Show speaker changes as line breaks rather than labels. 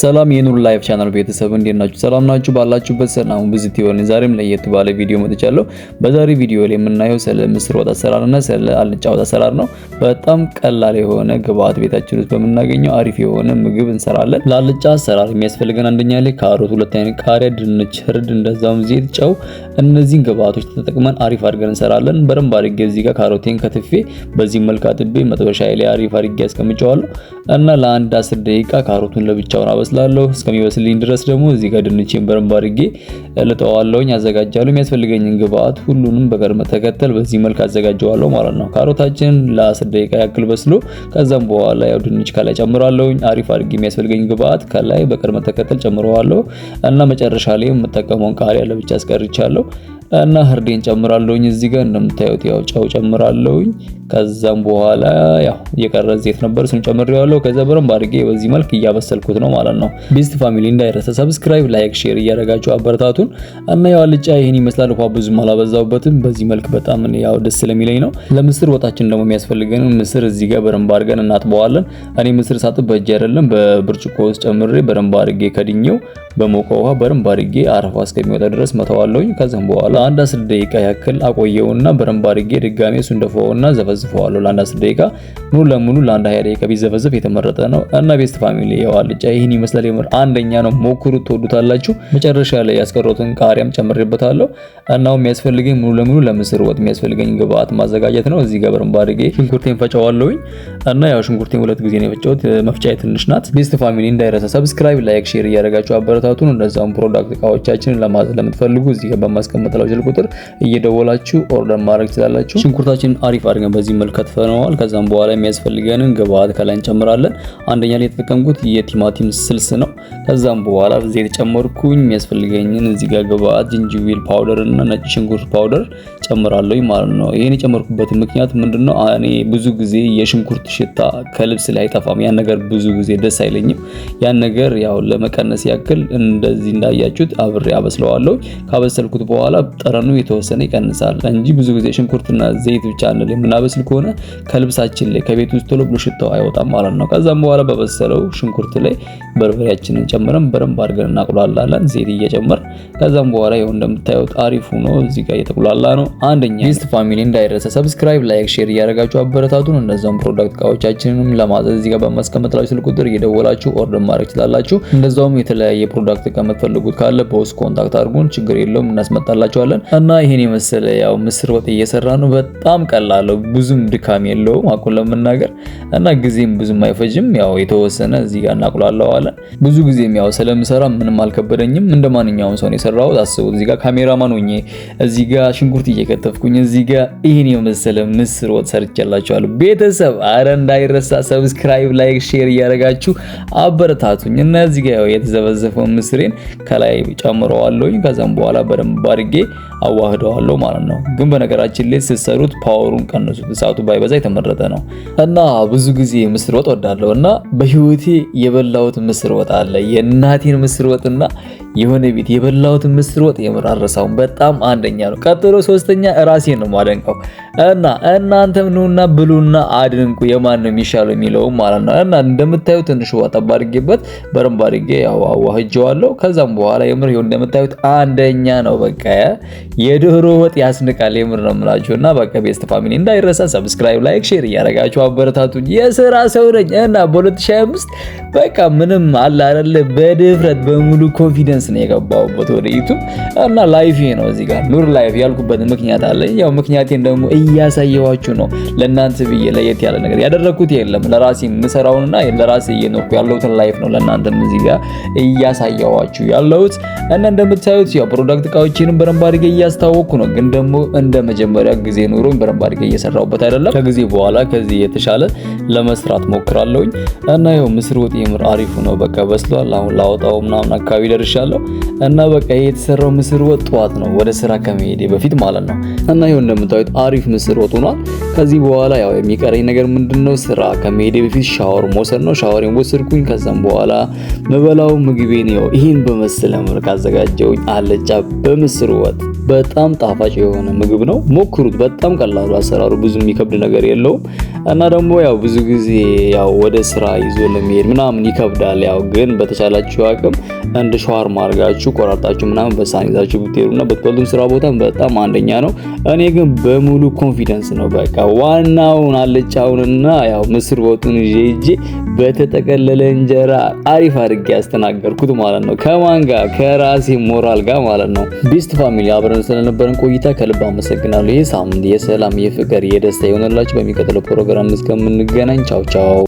ሰላም የኑር ላይፍ ቻናል ቤተሰብ እንዴት ናችሁ? ሰላም ናችሁ? ባላችሁበት ሰላም ብዙ ይሁን። ዛሬም ለየት ባለ ቪዲዮ መጥቻለሁ። በዛሬ ቪዲዮ ላይ የምናየው ስለ ምስር ወጥ አሰራርና ስለ አልጫ ወጥ አሰራር ነው። በጣም ቀላል የሆነ ግብአት ቤታችን ውስጥ በምናገኘው አሪፍ የሆነ ምግብ እንሰራለን። ለአልጫ አሰራር የሚያስፈልገን አንደኛ ላይ ካሮት፣ ሁለት አይነት ቃሪያ፣ ድንች፣ እርድ፣ እንደዛውም ዘይት፣ ጨው እነዚህን ግብአቶች ተጠቅመን አሪፍ አድርገን እንሰራለን። በደንብ አድርጌ እዚህ ጋር ካሮቴን ከትፌ በዚህ መልክ አጥቤ መጥበሻ ላይ አሪፍ አድርጌ ያስቀምጨዋለሁ እና ለአንድ አስር ደቂቃ ካሮቱን ለብቻውን አበስላለሁ። እስከሚበስልኝ ድረስ ደግሞ እዚህ ጋር ድንቼን በረንብ አድርጌ እልጠዋለሁኝ፣ አዘጋጃለሁ። የሚያስፈልገኝን ግብአት ሁሉንም በቅደም ተከተል በዚህ መልክ አዘጋጀዋለሁ ማለት ነው። ካሮታችን ለ10 ደቂቃ ያክል በስሎ ከዛም በኋላ ያው ድንች ከላይ ጨምራለሁኝ። አሪፍ አድርጌ የሚያስፈልገኝ ግብአት ከላይ በቅደም ተከተል ጨምረዋለሁ እና መጨረሻ ላይ የምጠቀመውን ቃሪያ ለብቻ አስቀርቻለሁ። እና ህርዴን ጨምራለሁኝ እዚህ ጋር እንደምታዩት ያው ጨው ጨምራለሁኝ። ከዛም በኋላ ያው የቀረ ዘይት ነበር እሱን ጨምሬዋለሁ። ከዛ በረም ባድርጌ በዚህ መልክ እያበሰልኩት ነው ማለት ነው። ቢስት ፋሚሊ እንዳይረሰ ሰብስክራይብ፣ ላይክ፣ ሼር እያደረጋችሁ አበረታቱን እና ያው አልጫ ይህን ይመስላል። ውሃ ብዙም አላበዛሁበትም። በዚህ መልክ በጣም ያው ደስ ስለሚለኝ ነው። ለምስር ወጣችን ደግሞ የሚያስፈልገን ምስር እዚህ ጋር በረም ባድርገን እናጥበዋለን። እኔ ምስር ሳጥብ በእጅ አይደለም በብርጭቆ ውስጥ ጨምሬ በረም ባድርጌ ከድኘው በሞቀ ውሃ በደንብ አድርጌ አረፋ እስከሚወጣ ድረስ መተዋለሁ ከዛም በኋላ አንድ አስር ደቂቃ ያክል አቆየውና በደንብ አድርጌ ድጋሜ እሱን ደፋውና ዘፈዝፈዋለሁ ለአንድ አስር ደቂቃ ሙሉ ለሙሉ ለአንድ ሀያ ደቂቃ ቢዘፈዘፍ የተመረጠ ነው እና ቤስት ፋሚሊ የዋልጫ ይህን ይመስላል። የምር አንደኛ ነው፣ ሞክሩ ትወዱታላችሁ። መጨረሻ ላይ ያስቀረውትን ቃሪያም ጨምሬበታለሁ እናው የሚያስፈልገኝ ሙሉ ለሙሉ ለምስር ወጥ የሚያስፈልገኝ ግብአት ማዘጋጀት ነው። እዚህ ጋር በደንብ አድርጌ ሽንኩርቴን ፈጨዋለሁኝ እና ያው ሽንኩርቴን ሁለት ጊዜ ነው የፈጨሁት። መፍጫዬ ትንሽ ናት። ቤስት ፋሚሊ እንዳይረሳ ሰብስክራይብ፣ ላይክ፣ ሼር እያደረጋችሁ አበረ ለምታበረታቱን እንደዛም ፕሮዳክት እቃዎቻችንን ለማዘዝ ለምትፈልጉ እዚህ ጋር በማስቀመጥላችሁ ስልክ ቁጥር እየደወላችሁ ኦርደር ማድረግ ትችላላችሁ። ሽንኩርታችንን አሪፍ አድርገን በዚህ መልክ ከትፈነዋል። ከዛም በኋላ የሚያስፈልገንን ግብአት ከላይ እንጨምራለን። አንደኛ ላይ የተጠቀምኩት የቲማቲም ስልስ ነው። ከዛም በኋላ እዚህ የተጨመርኩኝ የሚያስፈልገኝን እዚህ ጋር ግብአት ጅንጅብል ፓውደር እና ነጭ ሽንኩርት ፓውደር ጨምራለሁ ማለት ነው። ይሄን የጨመርኩበት ምክንያት ምንድነው? እኔ ብዙ ጊዜ የሽንኩርት ሽታ ከልብስ ላይ አይጠፋም። ያን ነገር ብዙ ጊዜ ደስ አይለኝም። ያን ነገር ያው ለመቀነስ ያክል እንደዚህ እንዳያችሁት አብሬ አበስለዋለሁ። ካበሰልኩት በኋላ ጠረኑ የተወሰነ ይቀንሳል እንጂ ብዙ ጊዜ ሽንኩርትና ዘይት ብቻ አንል የምናበስል ከሆነ ከልብሳችን ላይ ከቤት ውስጥ ቶሎ ብሎ ሽታው አይወጣም ማለት ነው። ከዛም በኋላ በበሰለው ሽንኩርት ላይ በርበሬያችንን ጨምረን በረንብ አድርገን እናቁላላለን፣ ዘይት እየጨመር ከዛም በኋላ ይኸው እንደምታዩት አሪፍ ሆኖ እዚህ ጋር እየተቁላላ ነው። አንደኛ ሚስት ፋሚሊ እንዳይረሳ ሰብስክራይብ፣ ላይክ፣ ሼር እያደረጋችሁ አበረታቱን። እነዛም ፕሮዳክት እቃዎቻችንንም ለማዘዝ እዚህ ጋር በማስቀመጥላችሁ ስልክ ቁጥር እየደወላችሁ ኦርደር ማድረግ ትችላላችሁ። እንደዛውም የተለያየ ፕሮዳክት ከምትፈልጉት ካለ በውስጥ ኮንታክት አድርጉን፣ ችግር የለውም እናስመጣላቸዋለን። እና ይሄን የመሰለ ያው ምስር ወጥ እየሰራ ነው። በጣም ቀላለው፣ ብዙም ድካም የለውም አቁን ለመናገር እና ጊዜም ብዙም አይፈጅም። ያው የተወሰነ እዚህ ጋር እናቁላለዋለን። ብዙ ጊዜም ያው ስለምሰራ ምንም አልከበደኝም። እንደ ማንኛውም ሰው ነው የሰራሁት። አስቡ እዚህ ጋር ካሜራማን ሆኜ እዚህ ጋር ሽንኩርት እየከተፍኩኝ እዚህ ጋር ይህን የመሰለ ምስር ወጥ ሰርቼላችኋለሁ። ቤተሰብ አረ እንዳይረሳ ሰብስክራይብ፣ ላይክ፣ ሼር እያደረጋችሁ አበረታቱኝ እና እዚህ ጋር የተዘበዘፈው ምስሬን ከላይ ጨምረዋለሁኝ። ከዛም በኋላ በደንብ አድርጌ አዋህደዋለሁ ማለት ነው። ግን በነገራችን ላይ ስትሰሩት ፓወሩን ቀንሱት፣ እሳቱ ባይበዛ የተመረጠ ነው እና ብዙ ጊዜ ምስር ወጥ ወዳለሁ እና በህይወቴ የበላሁት ምስር ወጥ አለ የእናቴን ምስር ወጥና የሆነ ቤት የበላሁትን ምስር ወጥ የምር በጣም አንደኛ ነው። ቀጥሎ ሶስተኛ ራሴን ነው ማደንቀው እና እናንተም ኑና ብሉና አድንቁ የማን ነው የሚሻለው የሚለው ማለት ነው። እና እንደምታዩት ትንሽ ውሃ ጠብ አድርጌበት በደንብ አድርጌ ያው አዋህጄዋለሁ። ከዛም በኋላ የምር ይሁን እንደምታዩት አንደኛ ነው። በቃ የድህሮ ወጥ ያስንቃል። የምር ነው የምላችሁ። እና በቃ ቤስት ፋሚሊ እንዳይረሳ ሰብስክራይብ፣ ላይክ፣ ሼር እያደረጋችሁ አበረታቱ። የስራ ሰው ነኝ እና በ2025 በቃ ምንም አለ አይደለ በድፍረት በሙሉ ኮንፊደንስ ሳይንስ ነው የገባውበት ወደ ዩቱብ እና ላይፍ ነው። እዚህ ጋር ኑር ላይቭ ያልኩበት ምክንያት አለ። ያው ምክንያቴን ደግሞ እያሳየኋችሁ ነው። ለእናንተ ብዬ ለየት ያለ ነገር ያደረግኩት የለም። ለራሴ የምሰራውንና ለራሴ እየኖርኩ ያለሁትን ላይፍ ነው ለእናንተ እዚህ ጋር እያሳየኋችሁ ያለሁት እና እንደምታዩት ያው ፕሮዳክት እቃዎችንም በደንብ አድርጌ እያስታወቅኩ ነው። ግን ደግሞ እንደ መጀመሪያ ጊዜ ኑሮኝ በደንብ አድርጌ እየሰራሁበት አይደለም። ከጊዜ በኋላ ከዚህ የተሻለ ለመስራት ሞክራለሁኝ እና ያው ምስር ወጥ የምር አሪፉ ነው። በቃ በስሏል። አሁን ላወጣው ምናምን አካባቢ ደርሻለሁ። እችላለሁ። እና በቃ የተሰራው ምስር ወጥ ጠዋት ነው ወደ ስራ ከመሄዴ በፊት ማለት ነው። እና ይሁን እንደምታዩት አሪፍ ምስር ወጥ ሆኗል። ከዚህ በኋላ ያው የሚቀረኝ ነገር ምንድነው? ስራ ከመሄዴ በፊት ሻወር መውሰድ ነው። ሻወሬን ወሰድኩኝ። ከዛም በኋላ መበላው ምግቤን ነው ይሄን በመሰለ መልክ አዘጋጀውኝ። አለጫ በምስር ወጥ በጣም ጣፋጭ የሆነ ምግብ ነው። ሞክሩት። በጣም ቀላሉ አሰራሩ ብዙ የሚከብድ ነገር የለውም። እና ደግሞ ያው ብዙ ጊዜ ያው ወደ ስራ ይዞ ለመሄድ ምናምን ይከብዳል። ያው ግን በተቻላችሁ አቅም እንደ ሸዋርማ አድርጋችሁ ቆራርጣችሁ ምናምን በሳህን ይዛችሁ ብትሄዱና በትበሉም ስራ ቦታ በጣም አንደኛ ነው። እኔ ግን በሙሉ ኮንፊደንስ ነው በቃ ዋናውን አልጫውንና ያው ምስር ወጡን ይዤ በተጠቀለለ እንጀራ አሪፍ አድርጌ ያስተናገርኩት ማለት ነው። ከማን ጋር ከራሴ ሞራል ጋር ማለት ነው። ቤስት ፋሚሊ አብረን ስለነበረን ቆይታ ከልብ አመሰግናለሁ። ይህ ሳምንት የሰላም የፍቅር የደስታ የሆነላችሁ በሚቀጥለው ፕሮግራም ፕሮግራም እስከምንገናኝ ቻው ቻው።